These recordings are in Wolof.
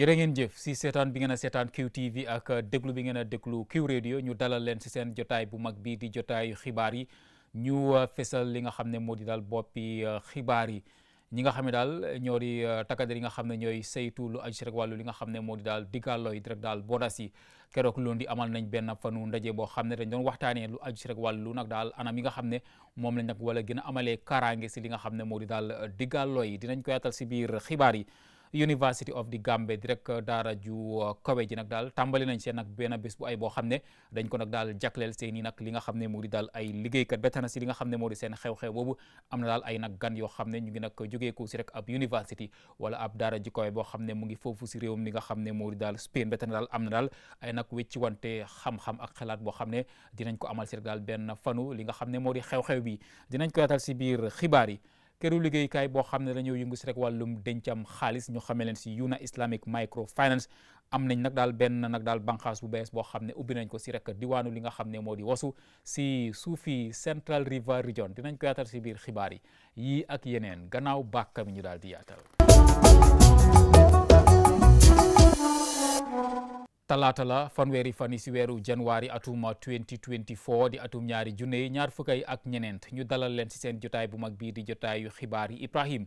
jërë ngeen jëf si seetaan bi ngeen a seetaan QTV ak déglu bi ngeen a déglu Q Radio ñu dalal leen si seen jotaay bu mag bii di jotaayu xibaar yi ñu uh, fesal li nga xam ne moo di daal boppi uh, xibaar yi ñi nga xam ne daal ñoo di uh, takkader yi nga xam ne ñooy saytu lu aju si li nga xam ne moo di daal digaaloo yi rek daal boodas yi keroog loon di amal nañ benn fanu ndaje boo xam ne dañ doon waxtaanee lu aju si rek wàllu nag daal anam yi nga xam ne moom lañ nag wala gën a amalee kaaraange si li nga xam ne moo di daal digaaloo yi dinañ ko yaatal si biir xibaar yi University of the Gambia di rek daara ju uh, kawe ji nag daal tàmbali nañ seen nag benn bés bu ay boo xam ne dañ ko nag daal jagleel seen i nag li nga xam ne moo di daal ay liggéeykat betana si li nga xam ne moo di seen xew-xew boobu am na ay nag gan yoo xam ne ñu ngi nag jógeeku si rek ab university wala ab daara ju kawe boo xam ne mu ngi foofu si réewum li nga xam ne moo di daal Spain betana daal am na daal ay nag wecci wante xam-xam ak xalaat boo xam ne dinañ ko amal si rek daal benn fanu li nga xam ne moo di xew-xew bi dinañ ko yaatal si biir xibaar yi këru liggéeykaay boo xam ne dañoo yëngu si rek wàllum dencam xaalis ñu xamee leen si Yuna Islamic Microfinance am nañ nag daal benn nag daal banqaas bu bees boo xam ne ubbi nañ ko si rek diwaanu li nga xam ne moo di wasu si suufi Central River Region dinañ ko yaatal si biir xibaar yi yii ak yeneen gannaaw bàkka mi ñu daal di yaatal talaata la fanweeri fan yi si weeru janwaari atum 2024 di atum ñaari junne ñaar fukkay ak ñeneent ñu dalal leen si seen jotaay bu mag bii di jotaayu xibaar yi Ibrahim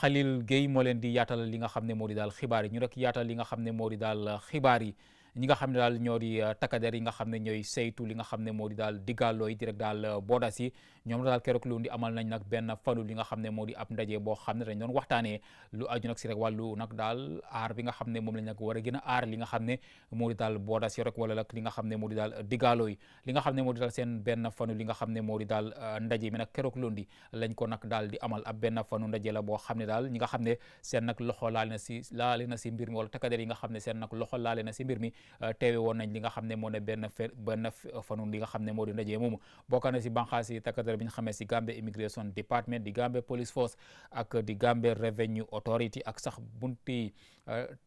Khalil Gueye moo leen di yaatal li nga xam ne moo di daal xibaar yi ñu rek yaatal li nga xam ne moo di daal xibaar yi ñi nga xam ne daal ñoo di takkader yi nga xam ne ñooy saytu li nga xam ne moo di daal diggaaloo yi di daal boodas yi ñoom daal keroog lu amal nañ nag benn fanu li nga xam ne moo di ab ndaje boo xam ne dañ doon waxtaanee lu aju nag rek wàllu nag daal aar bi nga xam ne moom lañ nag war a gën a aar li nga xam ne moo di daal boodas yi rek wala nag li nga xam ne moo di daal diggaaloo yi li nga xam ne moo di daal seen benn fanu li nga xam ne moo di daal ndaje mi nag keroog lundi ko nag daal di amal ab benn fanu ndaje la boo xam ne daal ñi nga xam ne seen nag loxo laale na si laale na si mbir mi wala takkader yi nga xam ne seen nag loxo laale na si mbir mi Euh, teewe woon nañ li nga xam ne moo ne benn fe benn euh, fanun li nga xam ne moo di ndaje moomu bokk na si banqaas yi takkatar bi ñu xamee si Gambia Immigration Department di Gambia Police Force ak di gambe Revenue Authority ak sax bunti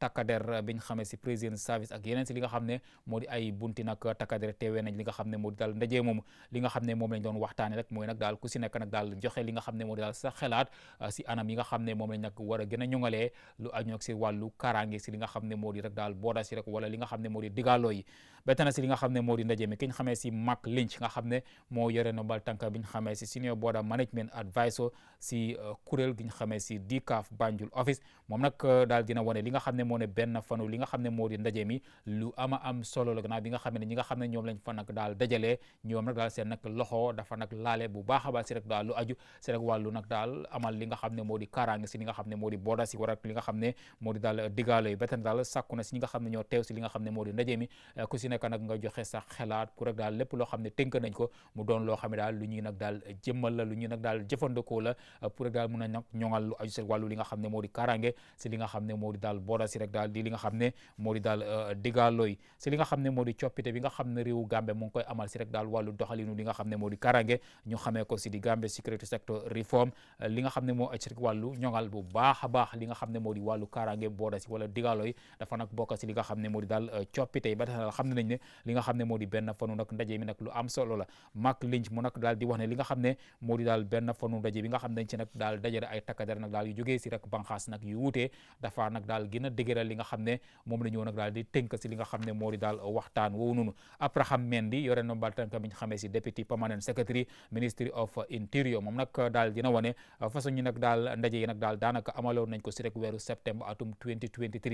takkader biñ xamee si président service ak yeneen si li nga xam ne moo di ay bunti nag takkader teewee nañ li nga xam ne daal ndaje moom li nga xam moom lañ doon waxtaane rek mooy nag daal si uh, anam yi nga xam moom lañ nag war a gën a lu aju si wàllu kaaraange si li nga xam ne rek daal booda si rek wala li nga xam ne moo di digaaloo yi si li nga xam ne ndaje mi ki ñu si Mac Lynch nga xam moo yore nombal tànk bi ñu xamee li nga xam ne moo ne benn fanu li nga xam ne moo di ndaje mi lu ama am solo la gannaaw bi nga xam ne ñi nga xam ne ñoom lañ fa nag daal dajalee ñoom nag daal seen nag loxo dafa nag laale bu baax a baax si rek daal lu aju si rek wàllu nag daal amal li nga xam ne moo di kaaraange si li nga xam ne moo di booda si war ak li nga xam ne moo di daal digaalo yi beten daal sàkku na si ñi nga xam ne ñoo teew si li nga xam ne moo di ndaje mi ku si nekk nag nga joxe sa xelaat pour rek daal lépp loo xam ne tënk nañ ko mu doon loo xam ne daal lu ñuy nag daal jëmmal la lu ñuy nag daal jëfandikoo la pour rek daal mun a nag ñoŋal lu aju si wàllu li nga xam ne moo di kaaraange si li nga xam ne moo di daal boora si rek daal di li nga xam ne moo di daal digaalooy si li nga xam ne moo di coppite bi nga xam ne réewu Gambie mu amal si rek daal wàllu doxalinu li nga xam ne moo di karange ñu xamee di Gambie li nga xam ne moo a baax li nga xam ne moo di wàllu karange li nga xam ne moo di daal coppite yi ba tax daal xam ne nañ ne li ndaje mi nga xam ne moo di daal benn ay takkader nag daal yu jógee rek banxaas nag yu dafa nag daal gën a li nga xam ne moom la ñu daal di tënk si li nga xam ne moo daal waxtaan woowu noonu Abraham Mendy yore na bal tànk mi ñu si deputy permanent secretary ministry of interior moom nag daal dina wane uh, façon ñu nag daal ndaje yi nag daal daanaka amaloon nañ ko si rek weeru septembre atum 2023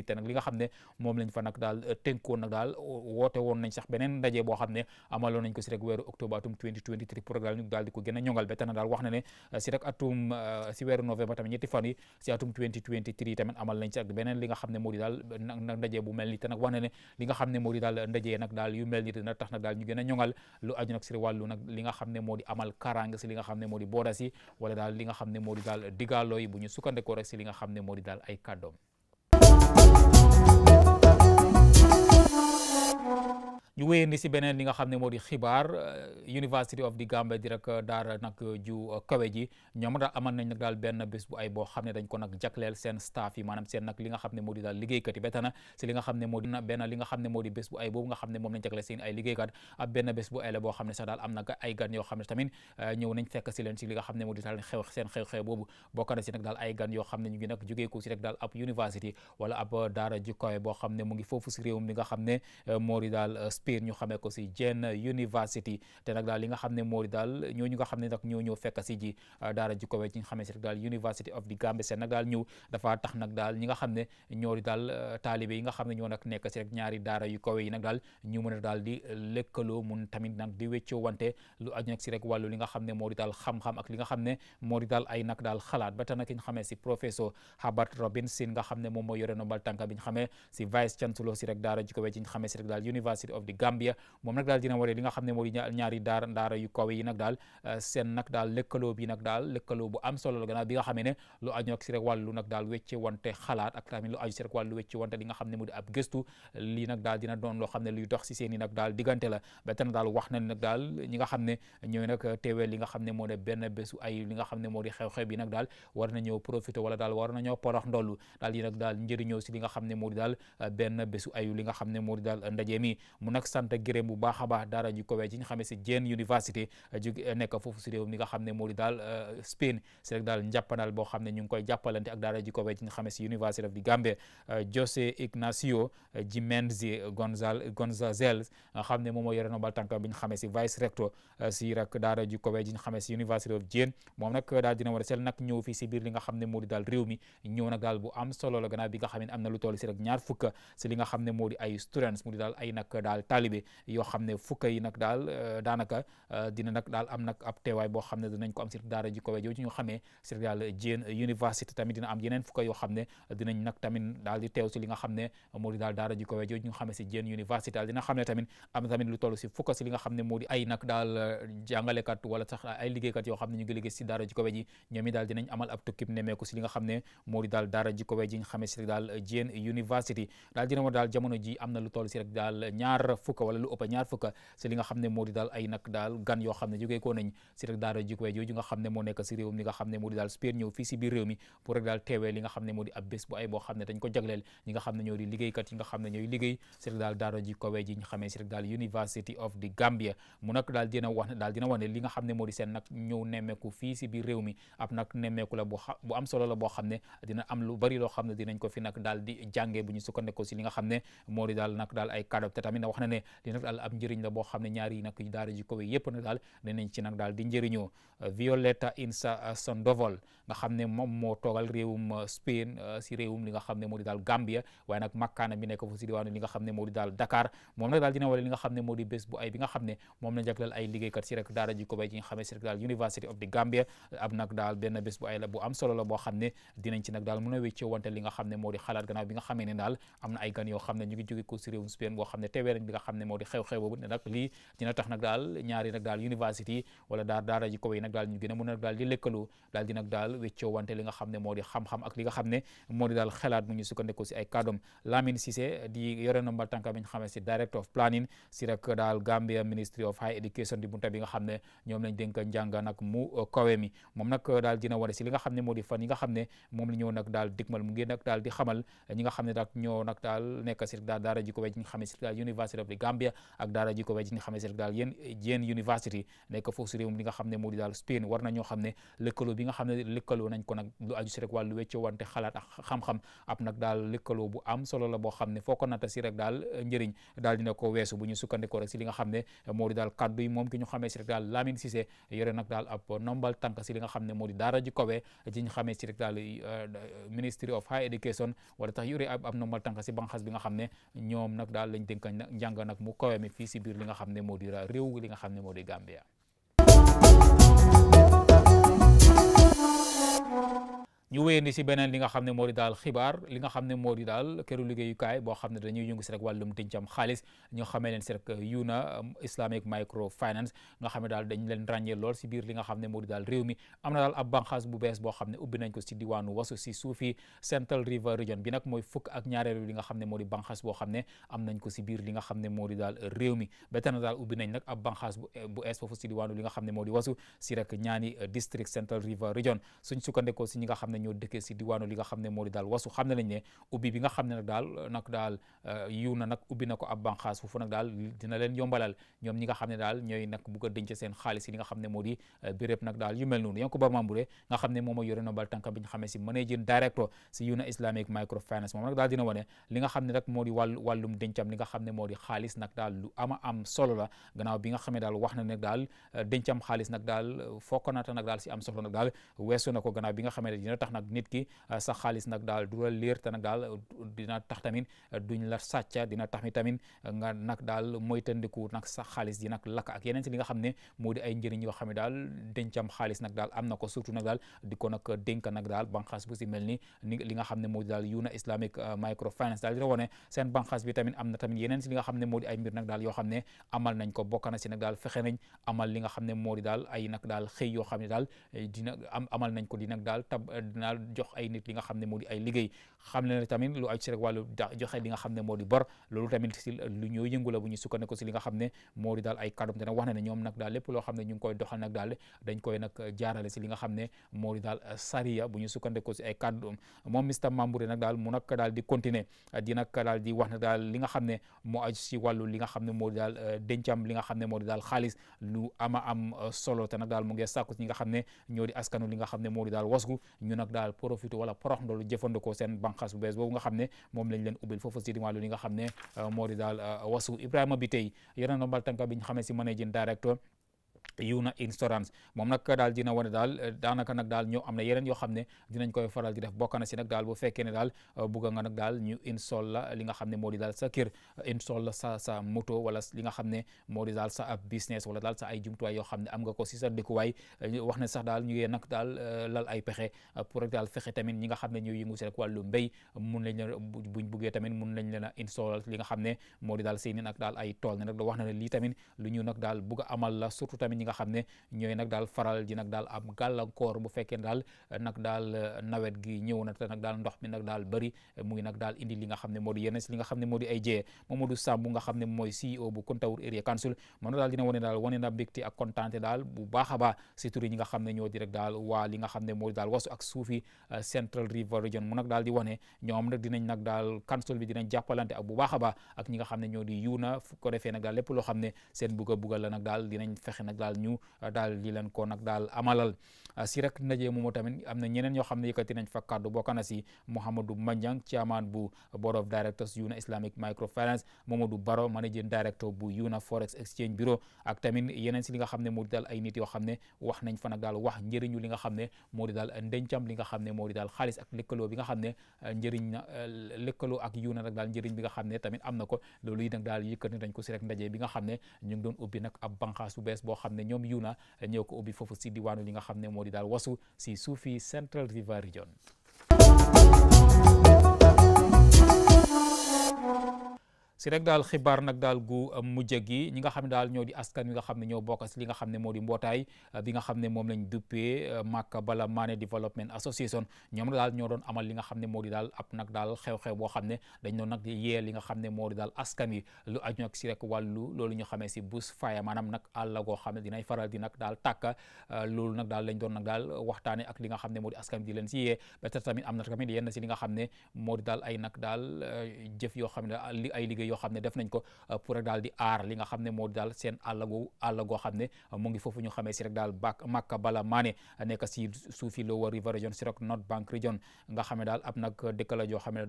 rek daal di ko gën a ñongal ba tax daal wax na uh, si rek atum uh, si weeru novembre tamit ñetti fan si atum 2023 tamit amal nañ si ak li nga xam ne moo di daal nag ndaje bu mel ni te nag wax na ne li nga xam ne moo di daal ndaje nag daal yu mel ni te nag tax nag daal ñu gën a ñoŋal lu aju nag si wàllu li nga xam ne moo di amal kaaraange si li nga xam ne moo di boodas yi wala daal li nga xam ne moo di daal digaaloo yi bu ñu sukkandikoo rek si li nga xam ne moo di daal ay kàddoom ñu wéyandi si beneen li nga xam ne moo di xibaar University of the Gambia di rek daara nag ju kawe ji ñoom daal amal nañ nag daal benn bés bu ay boo xam ne dañ ko nag jagleel seen staff yi maanaam seen nag li nga xam ne moo di daal liggéeykat yi bétana si li nga xam ne moo di benn li nga xam ne moo di bés bu ay boobu nga xam ne moom lañ jagleel seen ay liggéeykat ak benn bés bu ay na ay gan yoo xam ne tamit ñëw si leen si li nga xam ne moo di daal xew seen xew ay gan yoo xam ne ñu ngi nag jógee ko si rek daal ab university wala ab daara ju boo xam ne mu ngi foofu si réewum li nga xam ne moo di daal Pire ñu xamee ko si Jeen University te nag daal li nga xam ne moo di daal ñooñu nga xam ne nag ñoo ñëw fekk si ji uh, daara ji kowe ci nga xamee si rek daal University of the Gambia seen nag daal ñëw dafa tax nag daal ñi nga xam ne ñoo daal uh, taalibe yi nga xam ne ñoo nag nekk si rek ñaari daara yu yi nag daal ñu mën a ne daal xam-xam ak li nga xam ne moo daal ay nag daal xalaat ba tax nag ki nga xamee si professeur Herbert Robinson nga xam ne moom moo yore nombal Gambia moom nag daal dina waree li nga xam ne moo di ñaari daara daara yu kawe yi nag daal seen nag daal lëkkaloo bi nag daal lëkkaloo bu am solo la gannaaw bi nga xamee ne lu aju nag si rek wàllu nag daal wecce wante xalaat ak tamit lu aju si rek wàllu wecce wante li nga xam ne moo di ab gëstu lii nag daal dina doon loo xam ne luy dox si seen i nag daal diggante la ba tey daal wax na nag daal ñi nga xam ne ñooy nag teewee li nga xam ne moo di benn bésu ay li nga xam ne moo di xew-xew bi nag daal war na ñëw profité wala daal war na ñëw porox ndollu daal yi nag daal njëriñoo si li nga xam ne moo di daal benn bésu ayu li nga xam ne moo di daal ndaje mi mu nag ak sant gërëm bu baax a baax daara ju kowee ci ñu xamee si Jeen Université ju nekk foofu si réew mi nga xam ne University of the Gambia José Ignacio Jiménez xam ne moom moo yore nombal tànkam bi ñu si vice rector si rek daara ju kowee si University of Jeen moom nag daal dina war a sel nag ñëw si biir li xam ne moo daal réew mi ñëw daal bu am solo la bi nga xam am na lu toll si rek ñaar fukk si li nga xam ne moo ay students mu daal ay nag daal taalibe yoo xam ne fukka yi nag daal euh, daanaka euh, dina nag daal am nag ab teewaay boo xam ne dina ñu xamee si Jeen daal Jeen University daal dina mo euh, daal jamono ji am na lu toll si rek daal ñaar fukka wala lu a ñaar fukka si li nga xam ne moo daal ay nag daal gan yoo xam ne jógee ko jagleel si rek daal daara jikkoy ji nga xam ne moo daal di daal ay kaddu tamit na wax na ne li nag daal ab njëriñ la boo xam ne ñaari yi daal di njëriñoo Violeta Insa Sandoval nga xam ne moo toogal réewum Spain si réewum li nga xam ne moo daal Gambia waaye nag makkaana daal dina wale la jagleel am solo la boo xam ne dinañ ci nag a wéccoo nga xam ne moo di xew-xew boobu ne nag lii dina tax nag daal ñaari nag daal university wala daar daara ji kaw daal a a di lëkkaloo daal daal nga xam ne moo di xam ne moom li nga xam daal digmal mu ngi nag daal di xamal ñi nga xam ne daal nekk si daal daara ji xam si daal université of the Gambia ak daara ji ko way ji nga xam ne daal yéen yéen university nekk foofu si réewum li daal Spain war na ñoo xam ne lëkkaloo bi nga xam si rek daal lëkkaloo bu am solo la boo xam ne foo ko nata si daal dina ko weesu bu ñu sukkandikoo rek si li nga xam ne li nga xam ne moo di daara ji kowee ji ñu xamee si rek daal euh, Ministry of Higher Education wala tax yore ab ab nombal tànk si banxas bi nga xam ne ñoom nag daal lañ dénkañ njàng nga nag mu kawe mi fii si biir li nga xam ne moo di réew li nga xam ne moo di Gambia ñu wéyandi si beneen li nga xam ne moo di daal xibaar li xam ne moo di daal këru liggéeyukaay boo xam ne dañuy ñu xamee leen si rek Yuna Islamic Microfinance nga xam ne daal lool si biir li nga xam ne moo daal réew mi am na xam ne ubbi nañ ko si diwaanu wasu bi nag mooy fukk ak ñaareelu li nga xam ne moo di banqaas boo xam ne am nañ ko si biir li xam ne moo daal réew mi ba tey na daal ubbi nañ nag ab banqaas bu ees foofu si diwaanu li nga xam ne moo di wasu si rek ñaani district Central River Region suñ sukkandekoo si ñi nga xam ne ne ñoo dëkkee si diwaanu li nga xam ne moo di daal wasu xam ne nañ ne ubbi bi nga xam daal nag daal euh, na ubbi na ko ab banqaas daal dina leen yombalal ñoom ñi nga xam ne daal ñooy nag bugg a denc seen xaalis yi li xam ne moo di euh, béréb daal yu mel noonu yangi ko ba Mambouré nga xam ne moom a yore nobal tànka bi ñu xamee si managing director si Yuna Islamic Microfinance moom nag daal dina wane li nga xam ne nag moo di dencam li nga xam ne moo xaalis nag daal la gannaaw bi nga xam ne daal wax na ne euh, tax nag nit ki euh, xaalis nag daal du la leer te nag daal euh, dina tax tamit euh, duñ la sàcca dina tax mi tamit nga nag daal moytandiku nag sax xaalis di nag lakk ak yeneen si li nga xam ne moo di njëriñ yoo xam ne daal dencam xaalis nag daal am na ko surtout nag daal di ko nag dénk nag daal banqaas bu si mel ni li nga xam ne moo di daal Yuna Islamic Microfinance daal di rawone seen banqaas bi tamit am na tamit yeneen si li nga xam ne moo di ay mbir nag daal yoo xam ne amal nañ ko bokk na si nag daal fexe amal li nga xam ne moo di daal ay nag daal xëy yoo xam ne daal eh, dina am amal nañ ko di nag daal dinaa jox ay nit li xam ne moo di ay liggéey xam ne tamit lu aju si rek wàllu da joxe li nga moo di bor loolu tamit si lu ñoo yëngu la bu ñu sukkandiku si li nga xam ne moo di daal ay kàddoom te na ne ñoom nag daal lépp loo xam ne ñu ngi koy li nga xam ne moo di daal sariya bu ñu sukkandiku si ay kàddoom moom Mr Mambouré nag daal mu nag daal di continuer di nag daal di wax nag daal li nga xam ne moo aju si wàllu li nga xam ne moo di daal dencam li nga xam ne moo di daal xaalis lu ama am solo te nag daal mu ngi sàkku si ñi nga xam ne ñoo di askanu li nga xam ne moo daal profité wala porox ndolu jëfandikoo seen banqaas bu bees boobu nga xam ne moom lañ leen ubbil foofu si dimaalu li nga xam ne moo daal wasu Ibrahima bi tey yeneen ndombal tànk bi ñu xamee si managing director Yuna Insurance moom nag daal dina wane daal daanaka nag daal ñoo am na yeneen yoo xam ne dinañ koy faral di def bokk na si nag daal bu fekkee ne daal euh, bugg nga nag daal ñu insol la xam ne moo di daal sa kër euh, insol la xam ne moo di daal sa ab business wala daal sa ay jumtuwaay yoo xam ne am nga ko sa dëkkuwaay euh, wax ne sax daal ñu ngee daal lal ay pexe pour rek daal fexe tamit ñi nga xam ne ñooy yëngu si rek wàllu mbéy mun lañ leen buñ buggee tamit mun lañ leen a li nga xam ne moo di daal nag daal ay tool ne nag wax na ne lii tamit lu ñu nag daal bugg amal la surtout tamit ñi nga xam ne ñooy nag daal faral di nag daal am gàllankoor bu fekkee daal eh, nag daal eh, nawet gi ñëw na te nag daal ndox mi nag daal bëri eh, muy nag daal indi li nga xam ne moo di yenn si li nga xam ne moo di ay jee Mamadou Samb nga xam ne mooy CEO bu Kontawur Area Council mën na daal dina wane daal daal a xam ne ñoo di rek daal waa li daal di wane ñoom nag dinañ nag daal council bi dinañ jàppalante ak bu baax a ak ñi xam ne ñoo di yuu na ko defee nag daal lépp loo xam ne seen bugg a buggal la nag daal fexe nag daal ñu euh, daal di leen ko nag daal amalal euh, si rek ndaje moomu tamit am na ñeneen ñoo xam ne yëkkati nañ fa kàddu bokk na si Mouhamadou Manjang chairman bu board of directors Yuna Islamic Microfinance Mamadou Baro managing director bu Yuna Forex Exchange Bureau ak tamit yeneen si li nga xam ne moo di daal ay nit yoo xam ne wax nañ fa nag daal wax njëriñu li nga xam ne moo di daal ndencam li nga xam ne moo daal xaalis ak lëkkaloo bi nga xam ne euh, njëriñ na lëkkaloo ak Yuna nag daal njëriñ bi nga xam ne tamit am na ko loolu yi nag xam ne ñoom yuna ñoo ko ubbi foofu si diwaanu li nga xam ne moo di daal wasu si suufi Central River Region si rek daal xibaar nag daal gu mujj gi ñi nga xam ne daal ñoo di askan wi nga xam ne ñoo bokk si li moo di mbootaay bi nga xam ne moom lañ duppee Maka Bala Mane Development Association ñoom daal ñoo doon amal li nga xam ne moo di daal ab nag daal xew ne dañ doon nag li nga xam ne moo di daal askan wi lu aju nag si rek wàllu loolu ñu xamee si bush fire maanaam nag àll goo xam ne dinay faral di nag daal tàkka loolu nag daal lañ doon nag daal waxtaane ak li nga xam ne moo di askan wi di leen si yee ba tamit am na tamit yenn si li nga xam ne moo daal ay nag daal yoo xam ne yoo xam ne def nañ ko euh, pour rek daal di aar li nga xam ne moo di daal seen àll goo àll goo xam ne euh, mu daal bak Makka Bala Maane xam ne daal ab nag dëkk la joo xam ne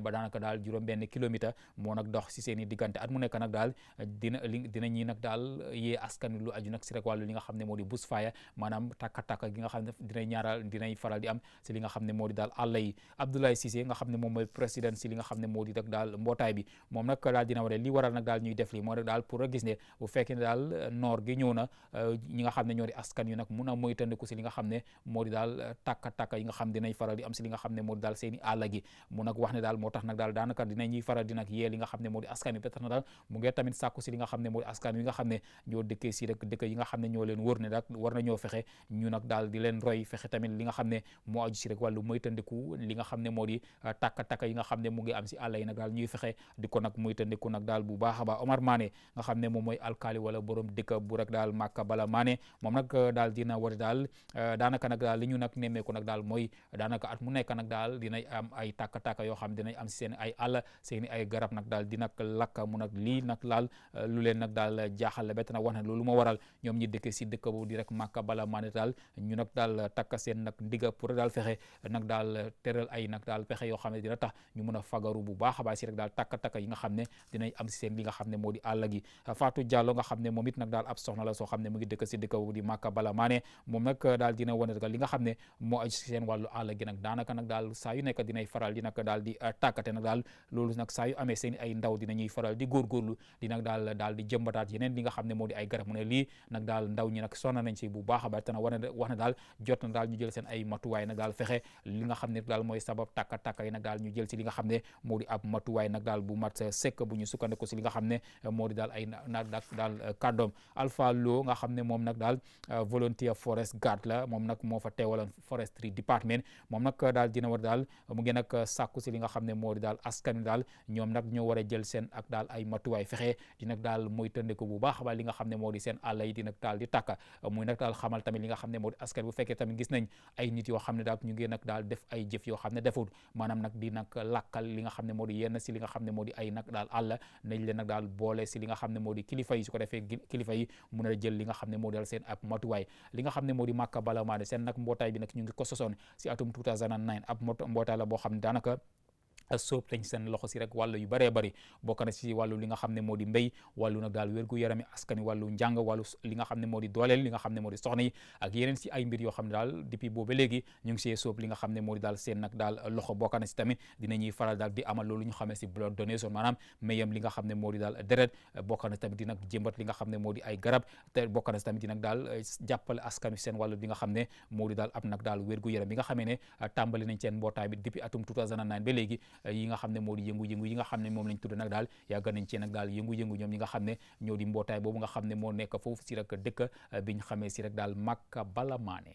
daal juróom-benn kilomètre moo nag dox si seen i diggante at mu nekk nag daal euh, dina li dina nag daal yee askan lu aju nag si rek wàllu li nga xam ne moo di bushfire maanaam takka-takka gi nga xam ne dina ñaaral dinay faral di am li nga xam ne moo di daal àll yi Abdoulaye Cissé nga xam ne moom mooy si li nga xam ne moo Saoudite ak daal mbootaay bi nag daal li waral nag daal ñuy def moo daal pour a gis ne bu fekkee ne daal noor gi ñëw na xam ne ñoo di askan yi a xam ne moo di si rek dëkk yi nga xam xam ne moo di tàkka tàkka yi xam ne mu ngi am si àll sénégalais yi nag daal ñuy fexe di ko nag muy tandiku nag daal bu baax a baax Omar Mané nga xam ne moom mooy alkaali wala borom dëkk bu rek daal Maka Bala Mané moom nag daal dina war daal daanaka yoo xam dinañ am si seen ay àll seen ay garab nag daal di nag lakka mu nag lii nag laal lu leen nag daal jaaxal la bett nag na loolu ma waral ñoom ñi dëkk si dëkk boobu di rek Maka Bala Mané daal ñu nag daal takka seen nag ndiga pour daal fexe nag daal teral ay nag daal fexe yoo xam ne dina tax ñu mën a fagaru bu baax baax a baax si rek daal takk-takk yi nga xam ne dinañ am si seen li nga xam ne moo di àll gi Fatou Diallo nga xam ne moom nag daal ab soxna la soo xam ne dina faral di nag daal uh, nag daal loolu nag saa yu seen ay ndaw dinañuy faral di góorgóorlu di nag daal daal di jëmbataat yeneen li nga xam ne moo ay garab mu ne nag daal ndaw ñi nag sonna nañ si bu baax a baax wax na daal jot na daal ñu jël seen ay matuwaay nag daal fexe li nga xam ne daal mooy sabab ab matuwaay nag daal bu mat eh, sekk bu ñu sukkandiku si li nga xam ne eh, moo di daal ay na daal eh, kàddoom Alpha Lo nga xam ne moo fa teewaloon forestry department moom nag war daal mu ngi nag sàkku si li nga xam ne moo di daal a jël seen ak ay matuwaay fexe di nag daal mooy tëndeku bu baax ba li xam ne moo di seen àll yi di nag daal di xamal li nga xam ne moo di askan bu fekkee tamit gis nañ ay nit yoo xam ne daal ñu ngi nag daal def ay jëf yoo xam ne defut maanaam nag di lakkal li nga xam ne moo di yenn si li xam ne moo di ay daal àll nañ daal boole si li xam ne moo di kilifa yi su ko defee kilifa yi mun a jël li xam ne moo di seen ab matuwaay xam ne moo di Makka Bala Maade seen bi nag ñu ko sosoon si atum 2009 ab la boo xam ne daanaka sóob tañ seen loxo si rek wàllu yu bëree bëri bokk na si wàllu li nga xam ne moo di mbéy wàllu nag daal wérgu yarami askani wàllu njàng wàllu li nga xam ne moo di dooleel li nga xam ne moo di soxna yi ak yeneen si ay mbir yoo xam ne daal depuis booba léegi ñu ngi see sóob li nga xam ne moo di daal seen nag daal loxo bokk na si tamit dinañuy faral daal di amal loolu ñu xamee si blood donation maanaam mayam li nga xam ne moo di daal deret bokk na si tamit di nag jëmbat li nga xam ne moo di ay garab te bokk na si tamit di nag daal eh, jàppale askan wi seen wàllu li nga xam ne moo di daal ab nag daal wérgu yaram bi nga xamee ne eh, tàmbali nañ seen mbootaay bi depuis atum 2009 ba léegi Euh, yi nga xam ne di yëngu-yëngu yi nga xam ne moom lañ tudd nag daal yàgg nañ ci nag daal yëngu-yëngu ñoom ñi nga xam ne ñoo di mbootaay boobu nga xam ne moo nekk foofu si rek dëkk euh, bi ñu xamee si rek daal Makka Bala Maane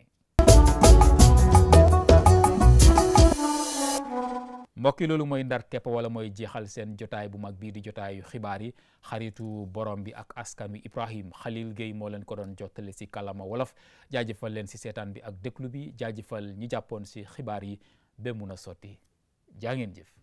mbokk yi loolu mooy ndar kepp wala mooy jeexal seen jotaay bu mag bii di jotaayu xibaar yi xaritu borom bi ak askan wi Ibrahim Khalil Gueye moo leen ko doon jottale si kàllaama wolof jaajëfal leen si seetaan bi ak déglu bi jaajëfal ñi jàppoon si xibaar yi mun a sotti jaa jëf.